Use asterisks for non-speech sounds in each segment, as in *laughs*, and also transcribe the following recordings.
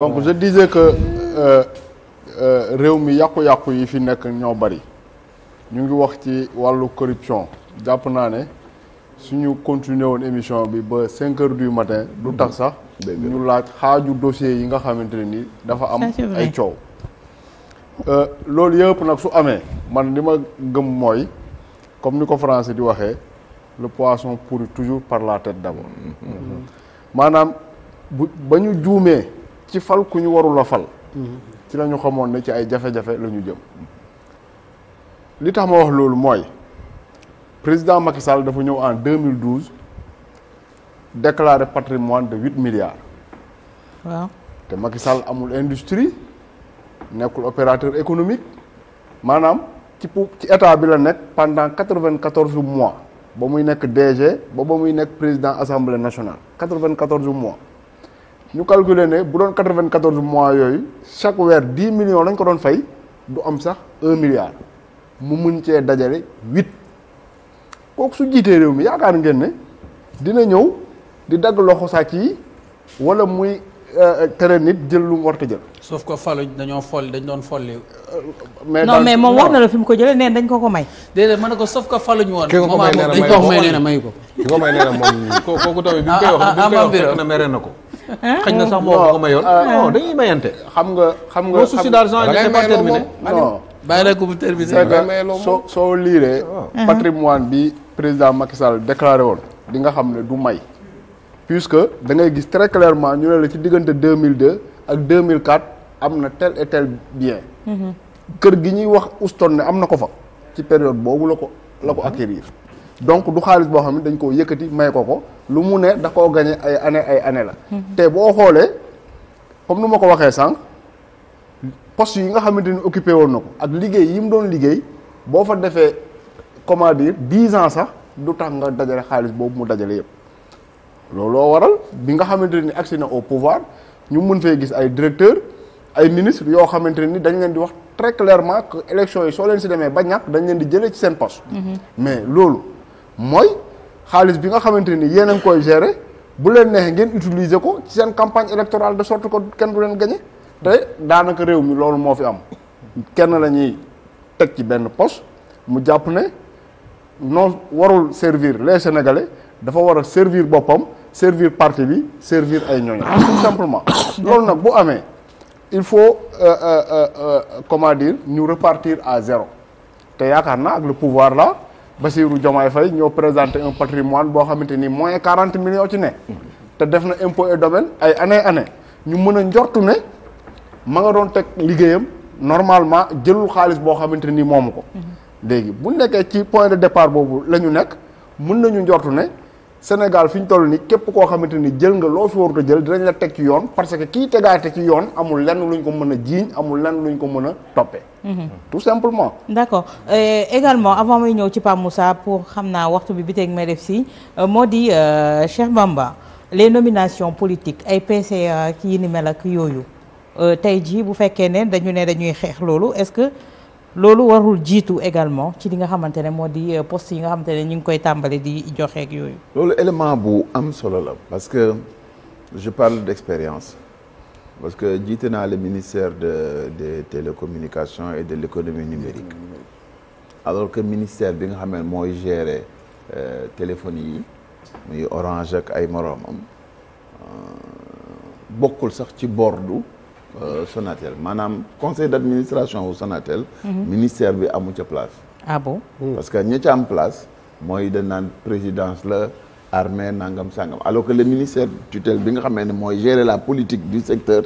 donc je disais que euh, euh, réew mi yàqu-yàqu yi fi nekk ñoo bari ñu ngi wax ci wàllu corruption jàpp naa ne suñu continuer woon émission bi ba cinq heures du matin du tax sax ñu laaj xaaju dossier yi nga xamante ne ni dafa am ay coow euh, loolu yëpp nag su amee man li ma gëm mooy comme ni ko france di waxee le poisson pourrit toujours par la tête d'abord mm-hmm. maanaam ba ñu juumee ci fal ku ñu warul fal mm-hmm. ci lañu xamoon ne ci ay jafe-jafe la ñu jëm li tax ma wax loolu mooy président Macky Sall dafa ñëw en 2012 déclaré patrimoine de huit milliards waaw te Macky Sall amul industrie nekkul opérateur économique maanaam ci ci état bi la nekk pendant quatre-vingt-quatorze mois ba muy nekk DG ba ba muy nekk président assemblée nationale quatre-vingt-quatorze mois ñu calculer ne bu doon quatre vingt quatorze mois yooyu chaque weer dix millions lañ ko doon fay du am sax un milliard mu mun cee dajale huit kooku su jiitee réew mi yaakaar ngeen ne dina ñëw di dagg loxo sàcc yi wala muy euh, tere nit jël lu mu war jël. sauf que falu dañoo folli dañ doon folli. Euh, mais non mais moom wax na la fi mu ko jëlee nee dañ ko ko may. déedéet ma ne ko sauf que faluñu woon. ki ko may nee na mayu ko ko may nee na mayu ko. ki ko may na *laughs* kooku tamit bi mu koy wax. Ah, ah, ah, na mere na ko. xëy na sax moo ko mayoon. non euh, ah. mayante. xam nga xam nga souci d'argent il n'est pas terminé. non bàyyi la ko soo soo liiree. Ah. Uh-huh. patrimoine bi président Macky Sall déclaré woon di nga xam ne du may. puisque da ngay gis très clairement ñu ne la ci diggante 2002 ak 2004 am na tel et tel bien. Mm-hmm. kër gi ñuy wax Houston ne am na ko fa. ci période boobu la ko la ko mm-hmm. acquérir. donc du xaalis boo xam ne dañ koo yëkkati may ko ko lu mu ne da koo gañe ay année ay année la mhm. te boo xoolee comme nu ma ko waxee sànq post yi nga xamante ni occupé woon na ko ak liggéey yi mu doon liggéey boo fa defee comment dire dix ans sax du tax nga dajale xaalis boobu mu dajale yëpp loo waral bi nga xamante ni agsi na o pouvoir ñu mën fee gis ay directeur ay ministre yoo xamante ni dañ leen di wax très clairement que yi soo leen si demee ba ñàkk dañ leen di jëlee ci seen poste mhm. mais loolu mooy xaalis bi nga xamante ni yéen a ngi koy gérer bu leen neexee ngeen utiliser ko ci seen campagne électorale de sorte que kenn du leen gagné te daanaka réew mi loolu moo fi am kenn la ñuy teg ci benn poste mu jàpp ne non warul servir les sénégalais dafa war servir boppam servir parti bi servir ay ñooñu *coughs* tout simplement *coughs* loolu nag bu amee il faut euh, euh, euh, euh, comment dire ñu repartir à zéro te yaakaar na ak la pouvoir là Bassirou Diomaye Faye ñoo présenté un patrimoine boo xamante ni moins quarante millions ci ne te def na impôt et domaine ay année année ñu mën a njortu ne ma nga doon teg liggéeyam normalement jëlul xaalis boo xamante ni moomu ko mhm. léegi bu nekkee ci point de départ boobu lañu ñu nekk mën nañu njortu ne Sénégal fi ñu toll nii képp koo xamante ni jël nga loo fi a jël dinañ la teg ci yoon parce que kii tegaate ci yoon amul lenn luñ ko mën a jiiñ amul lenn luñ ko mën a toppee. Mhm. tout simplement. d'accord euh, également avant may ñëw ci Pape Moussa pour xam naa waxtu bi bi teg may def si euh, moo di euh, Cheikh Bamba les nominations politiques ay PCA ki yi ni mel yooyu tey ji bu fekkee ne dañu ne dañuy xeex loolu est-ce que. loolu warul jiitu également ci li nga xamante ne moo di euh, poste yi nga xamante ne ñu ngi koy tàmbali di joxeek yooyu. loolu élément bu am solo la parce que je parle d'expérience parce que jiite naa le ministère de des télécommunications et de l'économie numérique alors que ministère bi nga xam ne mooy gérer euh, téléphones yi muy Orange ak ay moroomam euh, bokkul sax ci bordu Euh, Sonatel maanaam conseil d' administration wu mhm. ministère bi amu ca place. Ah hmm. parce que ña ca am place mooy dañ naan présidence la armée nangam sangam alors que le ministère tutelle bi nga xamee ne mooy gérer la politique du secteur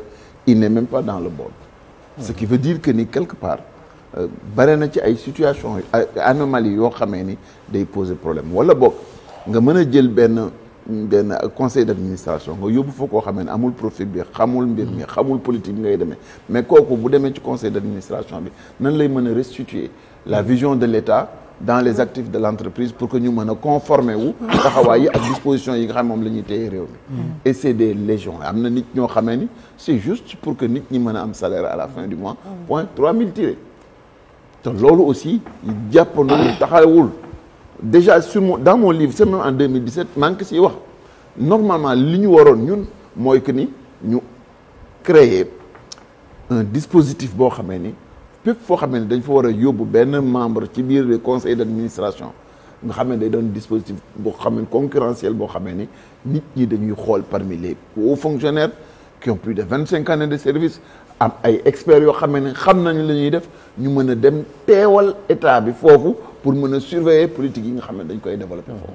il n' est pas dans le board. Hmm. ce qui veut dire que ni quelque part. Euh, bare na ci ay situation anomalies yoo xamee ni day poser problème wala boog nga mën a jël benn. benn conseil d'administration nga yóbbu fa koo xamee ne amul profil bi xamul mbir mi xamul politique ngay demee mais kooku bu demee ci conseil d'administration bi nan lay mën a restituer la vision de l'État dans les actifs de l'entreprise pour que ñu mën a conformer wu taxawaay a ak dispositions yi nga xam moom la ñuy téye réew mi mm-hmm. et c'est des légions am na nit ñoo xamee ni c'est juste pour que nit ñi mën a am salaire à la fin du mois mm-hmm. point trois mille tirés te loolu aussi jàpp nañu taxawul déjà sur mon dans mon livre c'est même en 2017 ko siy wax normalement li ñu waroon ñun mooy que ni ñu créer un dispositif boo xamee ni fépp foo xamee ni dañ fa war a yóbbu benn membre ci biir le conseil d'administration nga xam ne day doon dispositif boo xam ne concurrentiel boo xamee ni nit ñi dañuy xool parmi les hauts fonctionnaires qui ont plus de vingt cinq années de service am ay experts yoo xamee ne xam nañu la ñuy def ñu mën a dem teewal état bi foofu pour mën a surveiller politique yi nga xam ne dañ koy développer foofu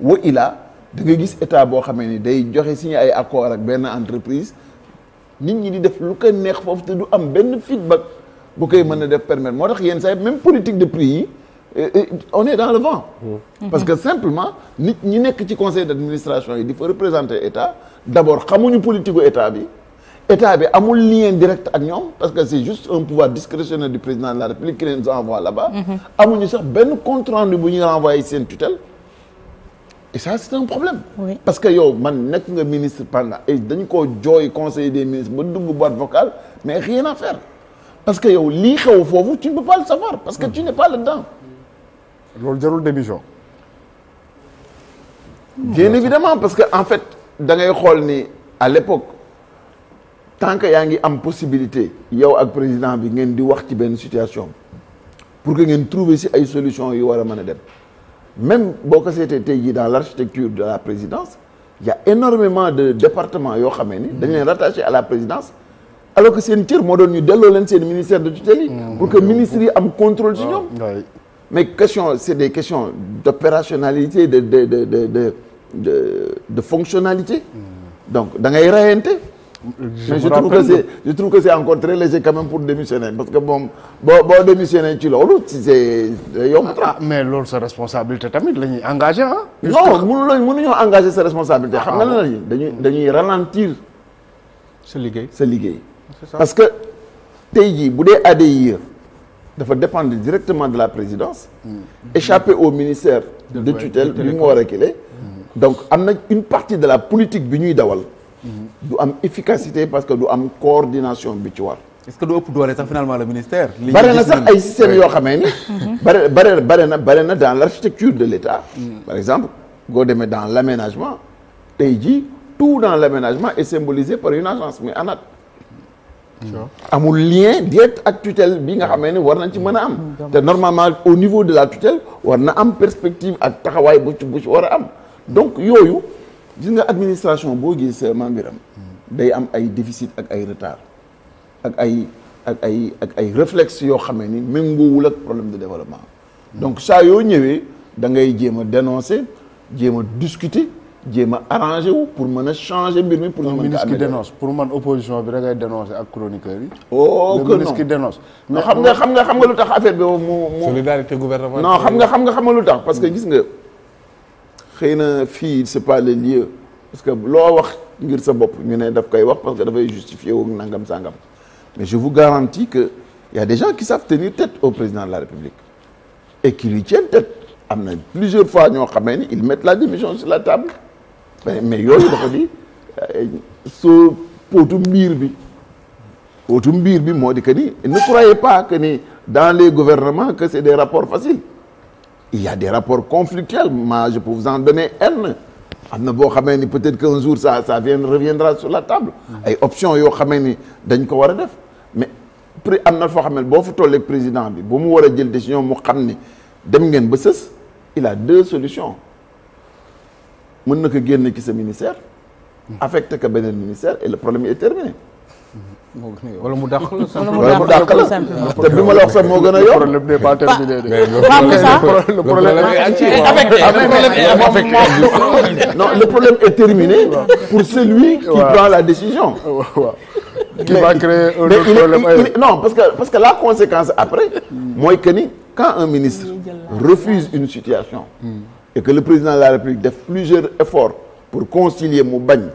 wa ilaa da nga gis état boo xamee ni day joxe signé ay accord ak benn entreprise nit ñi di def lu ko neex foofu te du am benn feedback bu koy mën a def permettre moo tax yenn saa même politique de prix yi eh, eh, on est dans le vent mm-hmm. parce que simplement nit ñi nekk ci conseil d'administration yi di fa représenter état d'abord xamuñu politique u état bi état bi amul lien direct ak ñoom parce que c'est juste un pouvoir discrétionnaire du président de la république qui les envoie là-bas. Mm-hmm. amuñu sax benn compte rendu bu ñuy renvoyé seen tutelle. et ça c'est un problème. parce que yow man nekk nga ministre pendant et dañ koo jooy conseil des ministres ba dugg boîte vocale mais rien à parce que yow lii xew foofu tu ne peux pas savoir. parce que mm. tu n'es pas là loolu jarul démission. bien évidemment parce que en fait da ngay xool ni à tant que yaa ngi am possibilité yow ak président bi ngeen di wax ci benn situation pour que ngeen trouver si ay solution yi war a mën a dem même boo ko seetee tey jii dans l'architecture de la présidence il y a énormément de départements yoo xamee ni dañ leen rattaché à la présidence alors que seen cër moo doon ñu delloo leen seen ministère de tutelle yi mm. pour que ministres yi am contrôle si ñoom mais question c'est des questions d'opérationnalité de de de de de de fonctionnalité mm. donc da mais je trouve que c'est je trouve que c'est encore très léger pour démissionner parce que bon boo boo démissionner ci loolu si c'est yomb ah mais loolu sa responsabilité tamit la ñuy engagé ah. non mënuñoo mënuñoo engagé sa responsabilité. xam nga ah, lan dañuy dañuy ralentir. sa liggéey sa liggéey. parce que tey jii bu dee ADIE dafa dépendre directement de la présidence. Hmm. échapper au ministère. de tutelle bi mu war a kile hmm. donc am na une partie de la politique bi ñuy dawal. du am efficacité parce que du am coordination bi ci war. est que du ëpp doole sax finalement le ministère. li bare na sax ay systèmes yoo xamee ni. Mhm. *laughs* bare bare na bare na dans l'architecture de l'État. Mm. par exemple goo demee dans l'aménagement tey jii tout dans l'aménagement et symbolisé par une agence muy ANAT. Mm. amul lien direct ak tutelle bi nga xamee ni war nañ ci mën a am. Mm, te normalement au niveau de la tutelle war na am perspective ak taxawaay bu ci bu ci war a am donc yooyu. gis nga administration boo gis euh, Mame Birame day am ay déficit ak ay retard ak ay ak ay ak ay réflexe yoo xamee ni méngoowul ak problème de développement donc saa yoo ñëwee da ngay jéem a dénoncer jéem a discuter jéem a arrangé wu pour mën a changer mbir mi. pour ñu mën ministre qui bi da ngay dénoncer ak chroniqueur yi. oh que non ministre xam nga xam nga xam nga lu tax affaire bi mu mu. solidarité gouvernementale non xam nga xam nga xam nga lu tax parce que gis nga. xëy na fii c'est pas le lieu parce que loo wax ngir sa bopp ñu ne daf koy wax parce dafay justifier wu nangam sangam mais je vous garantis que y a des gens qui savent tenir tête au président de la République et qui lui tiennent tête am na plusieurs fois ñoo xamee ni ils mettent la démission sur la table mais yooyu dafa di soo pootu mbiir bi pootu mbiir bi moo di que ni ne croyez pas que dans les gouvernements que c'est des rapports faciles il y a des ma conflictuels moi je peux vous en donner un am na boo xamee ni peut-être que qu'un jour ça ça vient reviendra sur la table ay options yoo xamee ni dañ ko war a def mais prix am na foo xam ne boo fa tollee président bi bu mu war a jël décision mu xam ni dem ngeen ba sës il a deux solutions mën na ko génne ki sa ministère affecté ko beneen ministère et le problème est terminé wala wala mu dàq la te bi ma gën a yomb. problème le problème est terminé pour celui qui prend la décision. qui va créer un autre problème non parce que parce que la conséquence après. mooy que ni quand un ministre refuse une situation. et que le président de la République def plusieurs efforts pour concilier mu bañ.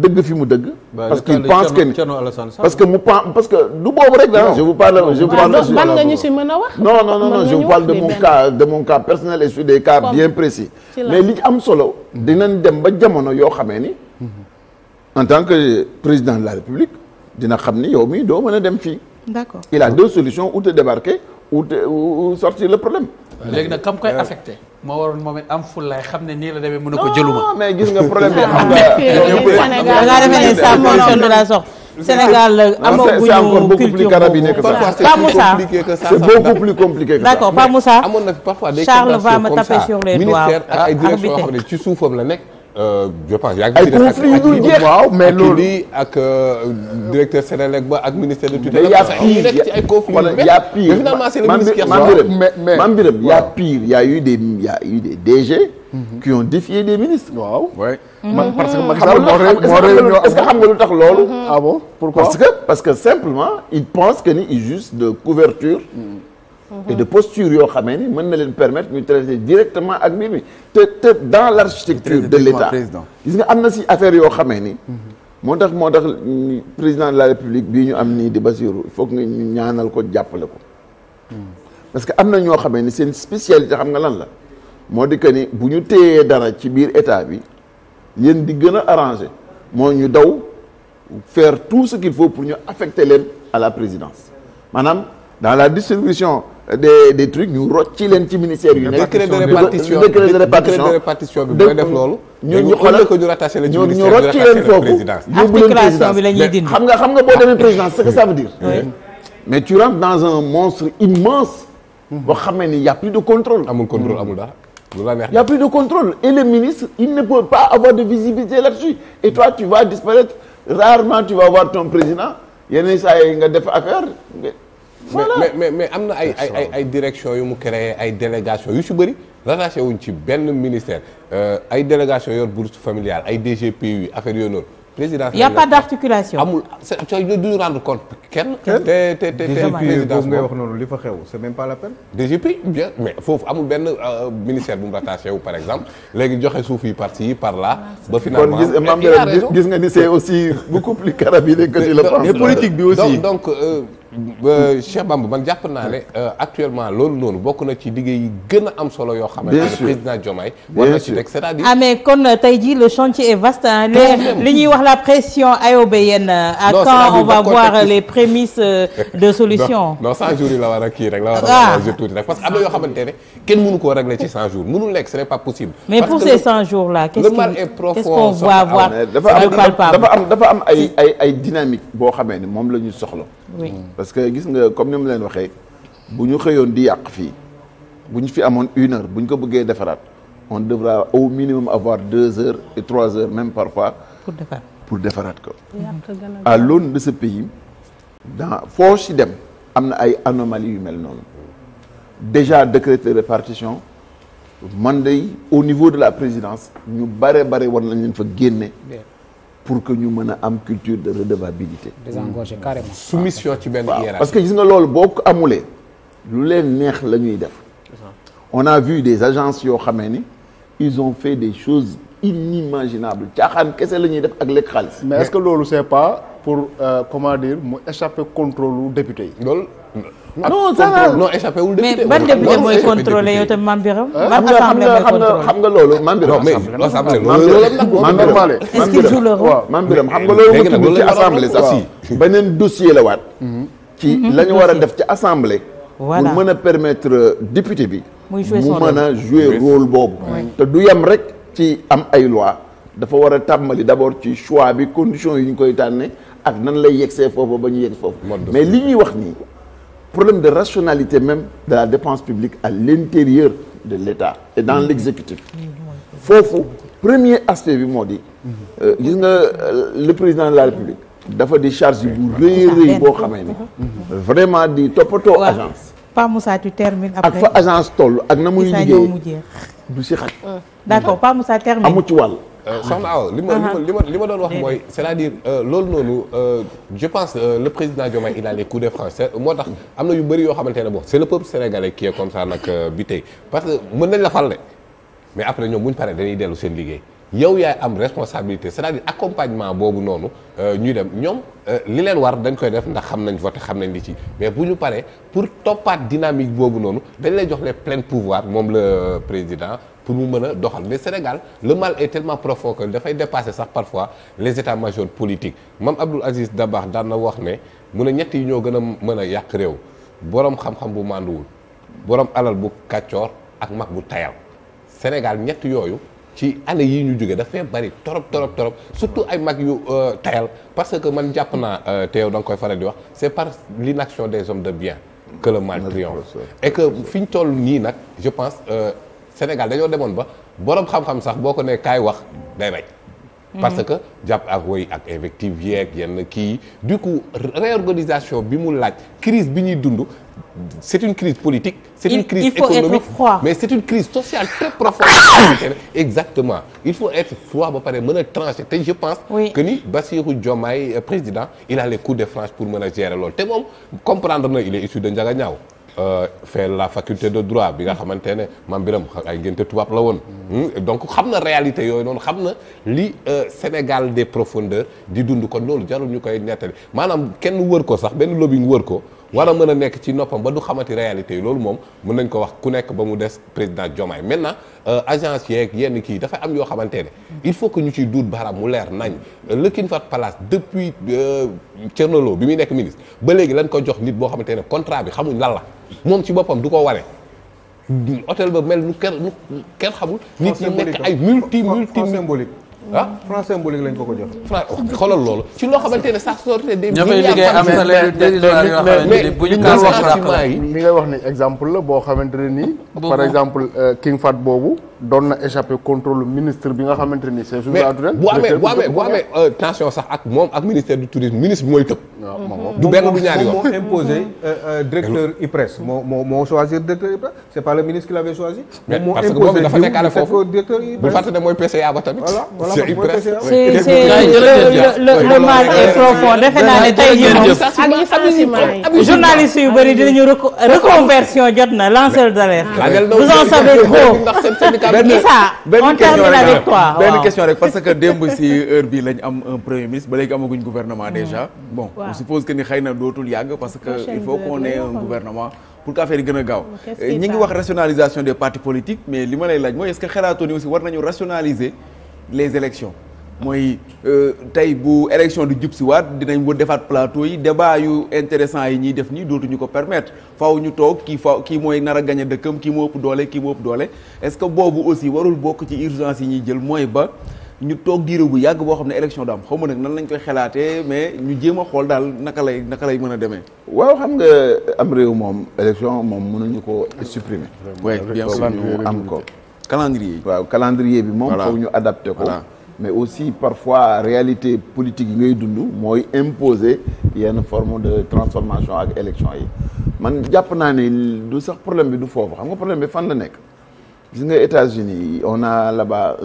dëgg fi mu dëgg. parce que il pense que parce que mu parce que du boobu rek ah. je vous parle je vous parle. ban nga ñu si je vous parle de mon cas personnel et sur cas bien précis. mais li am solo dina dem ba jamono yoo xamee ni. Mhm. en tant que président de la République dina xam ni yow mii doo mën a dem fii. d'accord il a deux solutions ou te débarquer ou te ou sortir le problème. léegi nag kam koy moo waroon moom it am fullaay xam ne nii la demee mën a ko jëluma. non mais gis nga problème bi xam nga. da Sénégal amaguñu culture boobu Pa Moussa c'est beaucoup plus compliqué que ça d'accord Pa Moussa amoon na parfois des Charles va me taper sur les doigts ak ay ci suufam la nekk Euh, je pense yaa ngi. ay conflits yu dul euh, directeur Sénélec ba ak ministère de tutelle. mais y' a pire ci ay eu des y' mhm. qui ont défié des ministres. Mhm. est-ce que xam nga lu tax loolu. ah bon parce que parce que que ni ils juste de couverture. Mhm. et de posture yoo xamee ni mën na leen permettre ñu traiter directement ak mbir mi te te dans l'architecture de l'État gis nga am na si affaire yoo xamee ni moo tax moo tax président de la République bii ñu am nii di Bassirou il faut que ñu ñaanal ko jàppale ko parce que am na ñoo xamee ni seen spécialité xam nga lan la moo di que ni bu ñu téyee dara ci biir état bi yéen di gën a arrangé moo ñu daw fair tout ce qu'il faut pour ñu affecter leen à la présidence maanaam dans la distribution des des trucs ñu rocci leen ci ministère yu nekk décret de répartition bi mooy def loolu ñu ñu xoolal ko ñu rattaché la ñu ñu rocci leen foofu yóbbu leen présidence bi la ñuy dindi xam nga xam nga boo demee présidence c'est que ça veut dire mais tu rentres dans un monstre immense boo xamee ni y a plus de contrôle amul contrôle amul dara il y a plus de contrôle et le ministre il ne peut pas avoir de visibilité là-dessus et toi tu vas disparaître rarement tu vas voir ton président yenn saa yi nga def affaire voilà mais mais mais am na ay ay ay direction yu mu créé ay délégation yu si bëri rattaché wuñ ci benn ministère euh, ay délégation yor bourse familiale ay DGPU affaire yooyu noonu président y' a pas d' articulation amul duñu rend compte kenn. te te te DGPU boobu ngay wax noonu li fa xew c' est même pas la peine. DGPU bien mais foofu amul benn euh, ministère bu mu rattaché wu par exemple léegi joxe suuf yi par ci par là. Ah, ba finalement kon gis maam gis nga ni c' est aussi *laughs* beaucoup plus carabiné que tu le penses. politique bi aussi donc donc. Euh, Cheikh Bamba man jàpp naa ne euh, actuellement loolu noonu bokk na ci liggéey yi gën am solo yoo xamante ne président Diomaye war na ci teg cest ah, kon euh, tey jii le chantier est vaste li ñuy wax la pression ayobéyenne euh, à quand on va voir les prémices de *laughs* solution non 100 jours yi la war a kii rek la war a jur ah. parce que am yoo xamante ne kenn mënu koo régler ci 100 jours lekk nekk ce n'est pas possible mais pour ces 100 là qu'est-ce qu'on va voir dafa am dafa am ay ay ay dynamique boo xamee ne moom la ñu soxla oui mm. parce que gis nga comme ni mu leen waxee bu ñu xëyoon di yàq fii bu ñu fi amoon une heure bu ñu ko bëggee defaraat on devra au minimum avoir deux heures et trois heures même parfois. pour defar pour defaraat ko. à l'aune de ce pays. dans foo si dem am na ay anomalies yu mel noonu déjà décrété répartition man de au niveau de la présidence ñu bare bare war nañ leen fa génne. pour que ñu mën a am culture de redevabilité. désengorger carrément. Mmh. soumission ci benn hiérarchie. parce que gis nga loolu boo ko amulee lu leen neex la ñuy def. on a vu des agences yoo xamee ni ils ont fait des choses inimaginables caaxaan kese la ñuy def ak lekk xaalis. mais est que loolu c'est pas pour euh, comment dire mu échapper contrôle député yi. loolu. Ah, non ça va non échappé wul député. mais ban député mooy contrôlé yow tamit Mame Birame. ban assemblée mooy contrôlé xam nga loolu man Birame. assemblée loolu la est-ce qu'il joue le rôle xam nga loolu ci assemblée beneen dossier la waat. Mhm. ci mhm. la ñu war a def ci assemblée. voilà pour mën a permettre euh, député bi. muy jouer son rôle mu mën a jouer rôle boobu. te du yem rek ci am ay loi dafa war a tàmbali d'abord ci choix bi conditions yi ñu koy tànnee ak nan lay yegsee foofu ba ñu yegg foofu. mais li ñuy wax nii problème de rationalité même de la dépense publique à l'intérieur de l'État et dans mmh. l'exécutif mm-hmm. foofu premier aspect bi moo di euh, gis nga euh, le président de la République dafa di charge bu mm-hmm. rëy rëy boo mm-hmm. xamee ni vraiment di toppatoo agence Pa Moussa tu termines après ak agence toll ak na muy liggéey du si xaj mm. d'accord Pa Moussa termine amu ci wàll soxna euh, Awa li ma li ma li ma doon wax mooy c'est-à-dire euh, loolu noonu euh, je pense le président Diomaye il a les coups de France moo tax am na yu bëri yoo xamante ne bon c'est le peuple sénégalais qui est bi tey parce que mën nañ la fal mais après ñoom bu ñu paree dañuy dellu seen liggéey yow yaay am responsabilité c'est-à-dire accompagnement boobu noonu ñuy dem ñoom li leen war dañ koy def ndax xam nañ voté xam nañ li ci mais bu ñu paree pour toppaat dynamique boobu noonu dañ lay jox les pleins pouvoirs moom la président pour mu mën a doxal mais Sénégal le mal est tellement profond que dafay dépasser sax parfois les états majors politiques Mame Abdoul Aziz Dabakh daan na wax ne mu ne ñett yi ñoo gën a mën a yàq réew boroom xam-xam bu mànduwul boroom alal bu kàccoor ak mag bu tayal Sénégal ñett yooyu ci année yi ñu jógee dafay bari torop torop torop surtout ay mag yu euh, tayal parce que man jàpp naa euh, te yow da nga koy faral di wax c'est par l'inaction des hommes de bien que le mal triomphe et nag je pense euh, Sénégal dañoo demoon ba borom xam-xam sax boo ko nee kaay wax day bañ. Mhm. parce que jàpp ak woy ak invective yeeg yenn kii du coup réorganisation bi mu laaj crise bi ñuy dund c'est une crise politique c'est une crise économique mais c'est une crise sociale très profonde *coughs* exactement il faut être froid ba pare mën a tranché te je pense que ni Bassirou Diomaye euh, président il a les coups de franche pour mën a gérer te moom comprendre na il est issu de Ndiaga Euh, fait la faculté de droit bi nga xamante ne maam Biram ay ngénte tubaab la woon. Hmm? donc xam na réalité yooyu noonu xam na li euh, Sénégal de profondeur di dund ko loolu jarul ñu koy nettali maanaam kenn wër ko sax benn lobbying wër ko. war a mën a nekk ci noppam ba du xamati réalité yi loolu moom mën nañ ko wax ku nekk ba mu des président Diomaye maintenant euh, agence yeeg yenn kii dafay am yoo xamante ne il faut que ñu ciy duut baaraam mu leer nañ lëkkin fat palace depuis Thierno Lo bi muy nekk ministre ba léegi lañ ko jox nit boo xamante ne contrat bi xamuñ lan la moom ci boppam du ko waree. hôtel ba mel nu kenn nu kenn xamul. nit ñi nekk ay multi multi symbolique ah franc symbolique lañ ko ko jox. franc xoolal loolu. ci loo xamante ne sax sorté des. ña fay liggéey am na ngay wax ni exemple la boo xamante ne nii. par exemple euh, King Fat boobu. doon na échappé contrôle ministre bi nga xamante ni c'est Sousa Touré bu amee bu amee bu amee tension sax ak moom ak ministère du tourisme ministre bi mooy tëb du benn du ñaari yoon directeur IPRES moo moo choisir directeur IPRES c'est pas le ministre qui l'avait choisi moo bu fàtte ne tamit c'est IPRES le mal est profond defe naa ne tey jii moom ak journaliste yu bëri dinañu reconversion jot na lanceur d'alerte vous en savez trop benn benn question rek benn question rek parce que démb si heure bi lañ am un premier ministre ba léegi amaguñ gouvernement déjà bon on suppose que ni xëy na dootul yàgg parce que il faut qu'on ait un gouvernement pour que affaire yi gën a gaaw euh, ñi ngi wax rationalisation des partis politiques mais li ma lay laaj mooy est-ce que xalaatoo ni aussi war nañu rationaliser les élections mooy euh, tey bu élection di jub si dinañ bu defaat plateau yi débat yu intéressant yi ñuy def nii dootuñu ko permettre faw ñu toog kii fa kii mooy nar a gañe dëkkam ki moo ëpp doole kii moo ëpp doole est-ce que boobu aussi warul bokk ci urgence yi ñuy jël mooy ba ñu toog diire bu yàgg boo xam ne élection daam xaw ma nag nan lañ koy xalaatee mais ñu jéem a xool daal naka lay naka lay mën a demee. waaw xam nga am réew moom élection moom mënuñu ko supprimer. oui bien sûr ñu am ko calendrier. waaw calendrier bi moom. voilà adapté ko. mais aussi parfois réalité politique yi ngay dund mooy imposer yenn forme de transformation ak élection yi man jàpp naa ne du sax problème bi du foofu xam nga problème bi fan la nekk gis nga États-Unis on a là-bas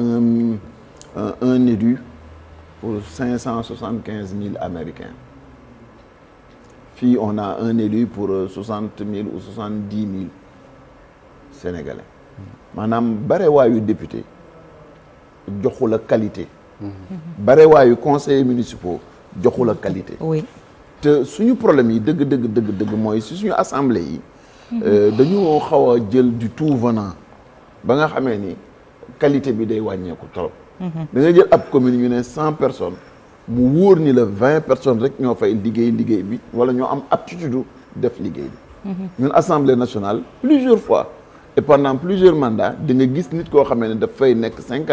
un élu pour cinq cent soixante quinze mille américains fii on a un élu pour soixante mille ou soixante dix mille sénégalais maanaam bare waayu député joxu la qualité. barewaayu conseillers municipaux joxu la qualité. oui te suñu problème yi dëgg dëgg dëgg dëgg mooy si suñu assemblée yi. Euh, dañoo xaw a jël du tout venant ba nga xamee ni qualité bi day wàññeeku trop. Mhm. da nga jël ab commune ñu ne cent personnes mu wóor ni la vingt personnes rek ñoo fay liggéey liggéey bi wala ñoo am aptitude def liggéey bi. Mhm. ñun assemblée nationale plusieurs fois et pendant plusieurs mandats di nga gis nit koo xamee ne daf nekk cinq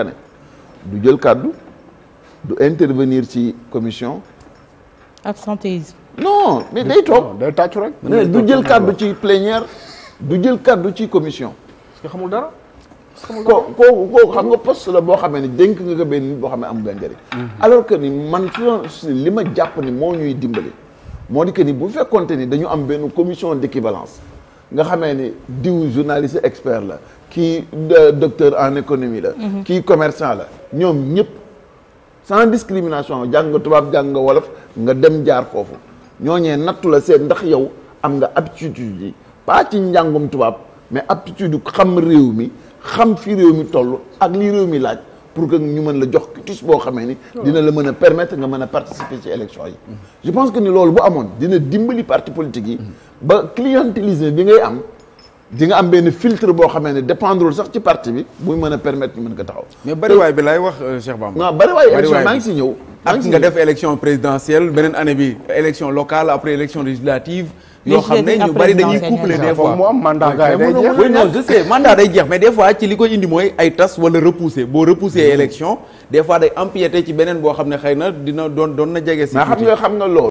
du jël kàddu du intervenir ci commission. absentéisme. non mais day toog day tàccu rek. du jël kàddu ci plénière du jël kàddu ci commission. xamul dara. ko ko ko xam nga poste la boo xamee ni dénk nga ko benn boo xam ne amul njëriñ. Mhm. alors que ni man fi li ma jàpp ni moo ñuy dimbali. moo di que ni bu fekkonte ni dañu am benn commission d'équivalence. nga xamee ni diw journaliste expert la kii euh, docteur en économie la mhm. kii commerçant la ñoom ñëpp sans discrimination jàng tubaab jàng nga wolof nga dem jaar foofu ñooñee nattu la seet ndax yow am nga aptitude yi pas ci njàngum tubaab mais aptitude xam réew mi xam fi réew mi toll ak li réew mi laaj pour que ñu mën la jox tus boo xamee ni dina la mën a permettre nga mën a participer ci élection yi je pense que ni loolu bu amoon dina dimbali parti politique yi ba clientélisme bi am di nga am benn filtre boo xamee ne dépendrewul sax ci parti bi muy mën a permettre ñu mën ko taxaw mais bariwaay bi laay wax euh, Cheikh Bamba waaw bariwaay élection maa ngi si ñëw ak nga def élection présidentielle beneen année bi élection locale après élection yoo xam ne ñu bari dañuy couplé des fois am mandat gars day jeex oui day jeex mais des fois ci li ko indi mooy ay tas wala repoussé boo repoussé mm-hmm. élection des fois day empiété ci beneen boo xam ne xëy na dina doon doon na jege si xam nga xam nga loolu